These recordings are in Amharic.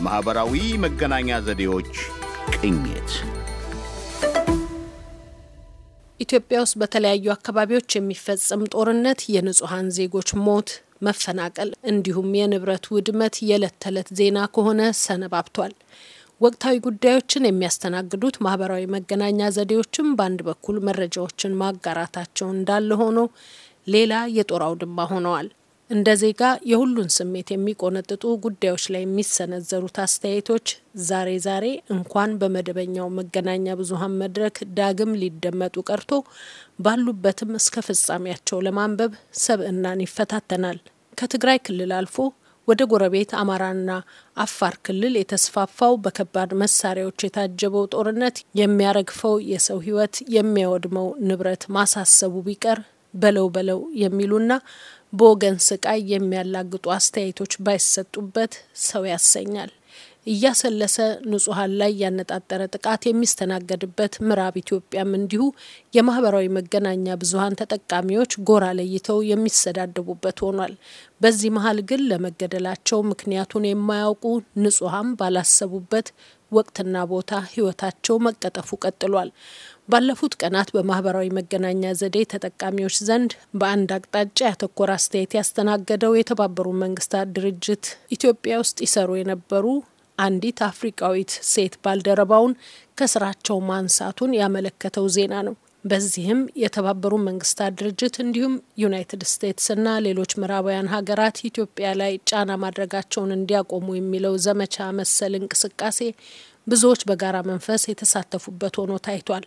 የማኅበራዊ መገናኛ ዘዴዎች ቅኝት ኢትዮጵያ ውስጥ በተለያዩ አካባቢዎች የሚፈጸም ጦርነት፣ የንጹሐን ዜጎች ሞት፣ መፈናቀል እንዲሁም የንብረት ውድመት የዕለት ተዕለት ዜና ከሆነ ሰነባብቷል። ወቅታዊ ጉዳዮችን የሚያስተናግዱት ማህበራዊ መገናኛ ዘዴዎችም በአንድ በኩል መረጃዎችን ማጋራታቸው እንዳለ ሆኖ ሌላ የጦር አውድማ ሆነዋል። እንደ ዜጋ የሁሉን ስሜት የሚቆነጥጡ ጉዳዮች ላይ የሚሰነዘሩት አስተያየቶች ዛሬ ዛሬ እንኳን በመደበኛው መገናኛ ብዙኃን መድረክ ዳግም ሊደመጡ ቀርቶ ባሉበትም እስከ ፍጻሜያቸው ለማንበብ ሰብዕናን ይፈታተናል። ከትግራይ ክልል አልፎ ወደ ጎረቤት አማራና አፋር ክልል የተስፋፋው በከባድ መሳሪያዎች የታጀበው ጦርነት የሚያረግፈው የሰው ሕይወት የሚያወድመው ንብረት ማሳሰቡ ቢቀር በለው በለው የሚሉና በወገን ስቃይ የሚያላግጡ አስተያየቶች ባይሰጡበት ሰው ያሰኛል። እያሰለሰ ንጹሐን ላይ ያነጣጠረ ጥቃት የሚስተናገድበት ምዕራብ ኢትዮጵያም እንዲሁ የማህበራዊ መገናኛ ብዙሀን ተጠቃሚዎች ጎራ ለይተው የሚሰዳደቡበት ሆኗል። በዚህ መሀል ግን ለመገደላቸው ምክንያቱን የማያውቁ ንጹሐን ባላሰቡበት ወቅትና ቦታ ህይወታቸው መቀጠፉ ቀጥሏል። ባለፉት ቀናት በማህበራዊ መገናኛ ዘዴ ተጠቃሚዎች ዘንድ በአንድ አቅጣጫ ያተኮረ አስተያየት ያስተናገደው የተባበሩት መንግስታት ድርጅት ኢትዮጵያ ውስጥ ይሰሩ የነበሩ አንዲት አፍሪቃዊት ሴት ባልደረባውን ከስራቸው ማንሳቱን ያመለከተው ዜና ነው። በዚህም የተባበሩ መንግስታት ድርጅት እንዲሁም ዩናይትድ እና ሌሎች ምዕራባውያን ሀገራት ኢትዮጵያ ላይ ጫና ማድረጋቸውን እንዲያቆሙ የሚለው ዘመቻ መሰል እንቅስቃሴ ብዙዎች በጋራ መንፈስ የተሳተፉበት ሆኖ ታይቷል።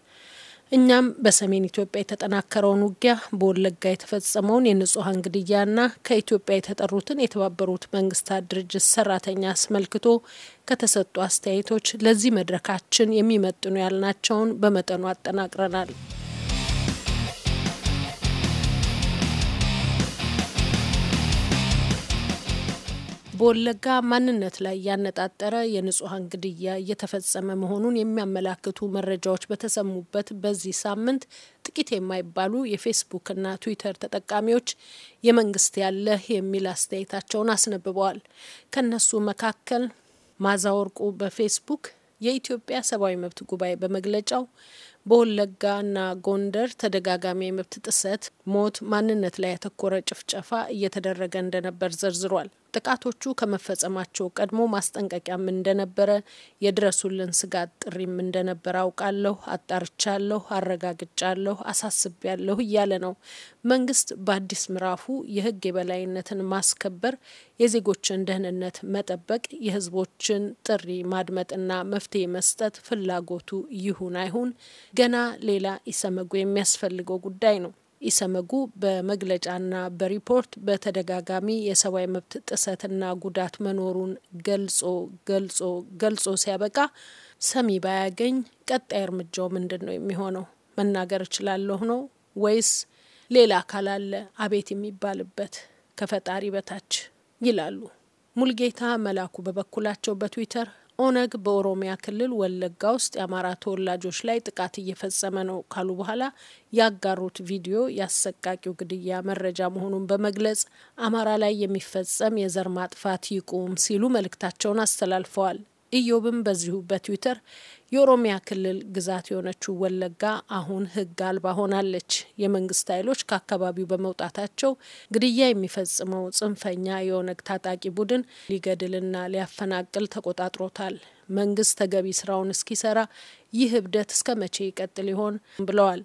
እኛም በሰሜን ኢትዮጵያ የተጠናከረውን ውጊያ፣ በወለጋ የተፈጸመውን የንጹሐን ግድያና ከኢትዮጵያ የተጠሩትን የተባበሩት መንግስታት ድርጅት ሰራተኛ አስመልክቶ ከተሰጡ አስተያየቶች ለዚህ መድረካችን የሚመጥኑ ያልናቸውን በመጠኑ አጠናቅረናል። በወለጋ ማንነት ላይ ያነጣጠረ የንጹሐን ግድያ እየተፈጸመ መሆኑን የሚያመላክቱ መረጃዎች በተሰሙበት በዚህ ሳምንት ጥቂት የማይባሉ የፌስቡክና ትዊተር ተጠቃሚዎች የመንግስት ያለህ የሚል አስተያየታቸውን አስነብበዋል። ከነሱ መካከል ማዛወርቁ በፌስቡክ የኢትዮጵያ ሰብአዊ መብት ጉባኤ በመግለጫው በወለጋና ጎንደር ተደጋጋሚ የመብት ጥሰት፣ ሞት፣ ማንነት ላይ ያተኮረ ጭፍጨፋ እየተደረገ እንደነበር ዘርዝሯል። ጥቃቶቹ ከመፈጸማቸው ቀድሞ ማስጠንቀቂያም እንደነበረ የድረሱልን ስጋት ጥሪም እንደነበረ አውቃለሁ፣ አጣርቻለሁ፣ አረጋግጫለሁ፣ ያለሁ እያለ ነው። መንግስት በአዲስ ምዕራፉ የህግ የበላይነትን ማስከበር፣ የዜጎችን ደህንነት መጠበቅ፣ የህዝቦችን ጥሪ ማድመጥና መፍትሄ መስጠት ፍላጎቱ ይሁን አይሁን ገና ሌላ ኢሰመጉ የሚያስፈልገው ጉዳይ ነው። ኢሰመጉ በመግለጫና በሪፖርት በተደጋጋሚ የሰብአዊ መብት ጥሰትና ጉዳት መኖሩን ገልጾ ገልጾ ገልጾ ሲያበቃ ሰሚ ባያገኝ ቀጣይ እርምጃው ምንድን ነው የሚሆነው? መናገር እችላለሁ ነው ወይስ ሌላ አካል አለ አቤት የሚባልበት ከፈጣሪ በታች ይላሉ። ሙልጌታ መላኩ በበኩላቸው በትዊተር ኦነግ በኦሮሚያ ክልል ወለጋ ውስጥ የአማራ ተወላጆች ላይ ጥቃት እየፈጸመ ነው ካሉ በኋላ ያጋሩት ቪዲዮ የአሰቃቂው ግድያ መረጃ መሆኑን በመግለጽ አማራ ላይ የሚፈጸም የዘር ማጥፋት ይቁም ሲሉ መልእክታቸውን አስተላልፈዋል። ኢዮብም በዚሁ በትዊተር የኦሮሚያ ክልል ግዛት የሆነችው ወለጋ አሁን ሕግ አልባ ሆናለች። የመንግስት ኃይሎች ከአካባቢው በመውጣታቸው ግድያ የሚፈጽመው ጽንፈኛ የኦነግ ታጣቂ ቡድን ሊገድልና ሊያፈናቅል ተቆጣጥሮታል። መንግስት ተገቢ ስራውን እስኪሰራ ይህ እብደት እስከ መቼ ይቀጥል ይሆን ብለዋል።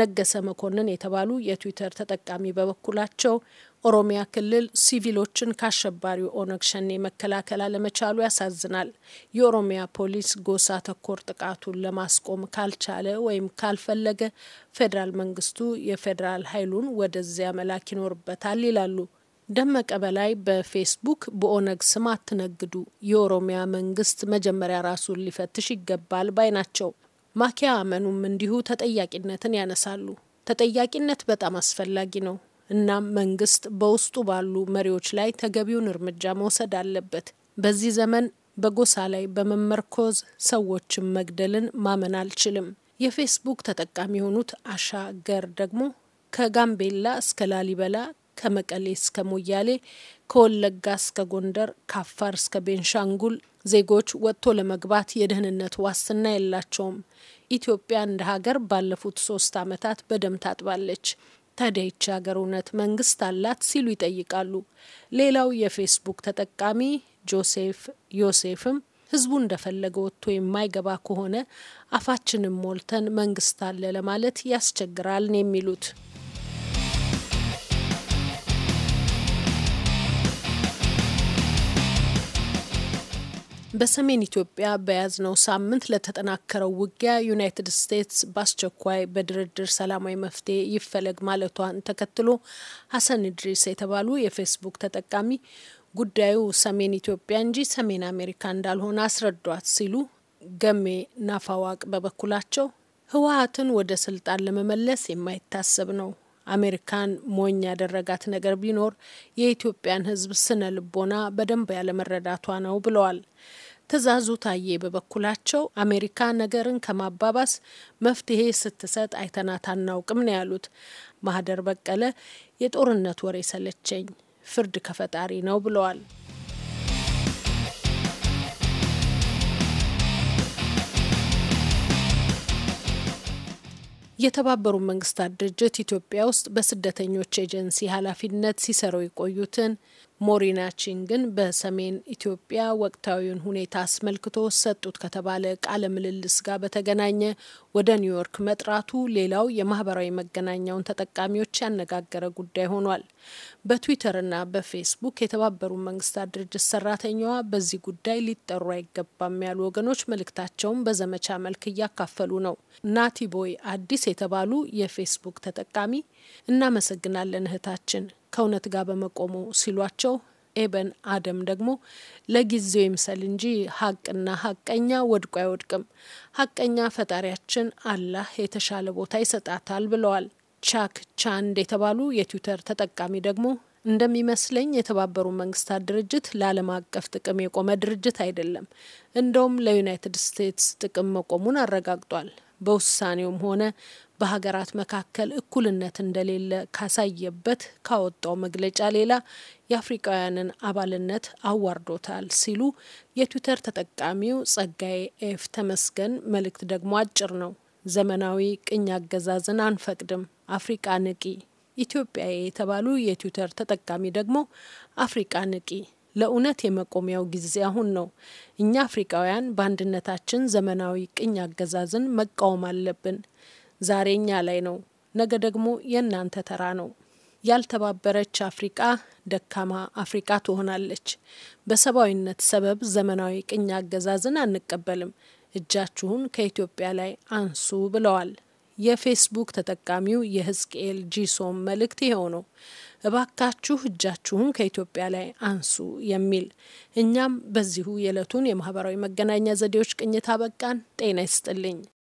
ነገሰ መኮንን የተባሉ የትዊተር ተጠቃሚ በበኩላቸው ኦሮሚያ ክልል ሲቪሎችን ከአሸባሪው ኦነግ ሸኔ መከላከል አለመቻሉ ያሳዝናል። የኦሮሚያ ፖሊስ ጎሳ ተኮር ጥቃቱን ለማስቆም ካልቻለ ወይም ካልፈለገ ፌዴራል መንግስቱ የፌዴራል ኃይሉን ወደዚያ መላክ ይኖርበታል ይላሉ። ደመቀ በላይ በፌስቡክ በኦነግ ስም አትነግዱ፣ የኦሮሚያ መንግስት መጀመሪያ ራሱን ሊፈትሽ ይገባል ባይ ናቸው። ማኪያ አመኑም እንዲሁ ተጠያቂነትን ያነሳሉ። ተጠያቂነት በጣም አስፈላጊ ነው። እናም መንግስት በውስጡ ባሉ መሪዎች ላይ ተገቢውን እርምጃ መውሰድ አለበት። በዚህ ዘመን በጎሳ ላይ በመመርኮዝ ሰዎችን መግደልን ማመን አልችልም። የፌስቡክ ተጠቃሚ የሆኑት አሻገር ደግሞ ከጋምቤላ እስከ ላሊበላ ከመቀሌ እስከ ሞያሌ፣ ከወለጋ እስከ ጎንደር፣ ከአፋር እስከ ቤንሻንጉል ዜጎች ወጥቶ ለመግባት የደህንነት ዋስትና የላቸውም። ኢትዮጵያ እንደ ሀገር ባለፉት ሶስት ዓመታት በደም ታጥባለች። ታዲያ ይቺ ሀገር እውነት መንግስት አላት ሲሉ ይጠይቃሉ። ሌላው የፌስቡክ ተጠቃሚ ጆሴፍ ዮሴፍም ህዝቡ እንደፈለገ ወጥቶ የማይገባ ከሆነ አፋችንም ሞልተን መንግስት አለ ለማለት ያስቸግራል ነው የሚሉት። በሰሜን ኢትዮጵያ በያዝነው ሳምንት ለተጠናከረው ውጊያ ዩናይትድ ስቴትስ በአስቸኳይ በድርድር ሰላማዊ መፍትሄ ይፈለግ ማለቷን ተከትሎ ሀሰን ኢድሪስ የተባሉ የፌስቡክ ተጠቃሚ ጉዳዩ ሰሜን ኢትዮጵያ እንጂ ሰሜን አሜሪካ እንዳልሆነ አስረዷት ሲሉ፣ ገሜ ናፋዋቅ በበኩላቸው ህወሀትን ወደ ስልጣን ለመመለስ የማይታሰብ ነው አሜሪካን ሞኝ ያደረጋት ነገር ቢኖር የኢትዮጵያን ህዝብ ስነ ልቦና በደንብ ያለመረዳቷ ነው ብለዋል። ትዕዛዙ ታዬ በበኩላቸው አሜሪካ ነገርን ከማባባስ መፍትሄ ስትሰጥ አይተናት አናውቅም ነው ያሉት። ማህደር በቀለ የጦርነት ወሬ ሰለቸኝ፣ ፍርድ ከፈጣሪ ነው ብለዋል። የተባበሩት መንግስታት ድርጅት ኢትዮጵያ ውስጥ በስደተኞች ኤጀንሲ ኃላፊነት ሲሰሩ የቆዩትን ሞሪናችን ግን በሰሜን ኢትዮጵያ ወቅታዊውን ሁኔታ አስመልክቶ ሰጡት ከተባለ ቃለ ምልልስ ጋር በተገናኘ ወደ ኒውዮርክ መጥራቱ ሌላው የማህበራዊ መገናኛውን ተጠቃሚዎች ያነጋገረ ጉዳይ ሆኗል። በትዊተርና በፌስቡክ የተባበሩ መንግስታት ድርጅት ሰራተኛዋ በዚህ ጉዳይ ሊጠሩ አይገባም ያሉ ወገኖች መልእክታቸውን በዘመቻ መልክ እያካፈሉ ነው። ናቲ ቦይ አዲስ የተባሉ የፌስቡክ ተጠቃሚ እናመሰግናለን እህታችን ከእውነት ጋር በመቆሙ ሲሏቸው ኤበን አደም ደግሞ ለጊዜው ይምሰል እንጂ ሀቅና ሀቀኛ ወድቆ አይወድቅም፣ ሀቀኛ ፈጣሪያችን አላህ የተሻለ ቦታ ይሰጣታል ብለዋል። ቻክ ቻንድ የተባሉ የትዊተር ተጠቃሚ ደግሞ እንደሚመስለኝ የተባበሩ መንግስታት ድርጅት ለዓለም አቀፍ ጥቅም የቆመ ድርጅት አይደለም፣ እንደውም ለዩናይትድ ስቴትስ ጥቅም መቆሙን አረጋግጧል። በውሳኔውም ሆነ በሀገራት መካከል እኩልነት እንደሌለ ካሳየበት ካወጣው መግለጫ ሌላ የአፍሪቃውያንን አባልነት አዋርዶታል ሲሉ የትዊተር ተጠቃሚው ጸጋዬ ኤፍ ተመስገን መልእክት ደግሞ አጭር ነው። ዘመናዊ ቅኝ አገዛዝን አንፈቅድም፣ አፍሪቃ ንቂ። ኢትዮጵያ የተባሉ የትዊተር ተጠቃሚ ደግሞ አፍሪቃ ንቂ ለእውነት የመቆሚያው ጊዜ አሁን ነው። እኛ አፍሪካውያን በአንድነታችን ዘመናዊ ቅኝ አገዛዝን መቃወም አለብን። ዛሬ እኛ ላይ ነው፣ ነገ ደግሞ የእናንተ ተራ ነው። ያልተባበረች አፍሪቃ ደካማ አፍሪቃ ትሆናለች። በሰብአዊነት ሰበብ ዘመናዊ ቅኝ አገዛዝን አንቀበልም። እጃችሁን ከኢትዮጵያ ላይ አንሱ ብለዋል። የፌስቡክ ተጠቃሚው የህዝቅኤል ጂሶም መልእክት ይኸው ነው። እባካችሁ እጃችሁን ከኢትዮጵያ ላይ አንሱ የሚል። እኛም በዚሁ የዕለቱን የማህበራዊ መገናኛ ዘዴዎች ቅኝት አበቃን። ጤና ይስጥልኝ።